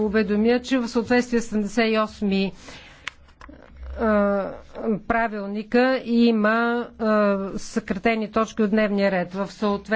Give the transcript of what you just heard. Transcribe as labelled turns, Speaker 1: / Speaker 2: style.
Speaker 1: уведомя, че в съответствие с 78 правилника има съкратени точки от
Speaker 2: дневния ред. В съответствие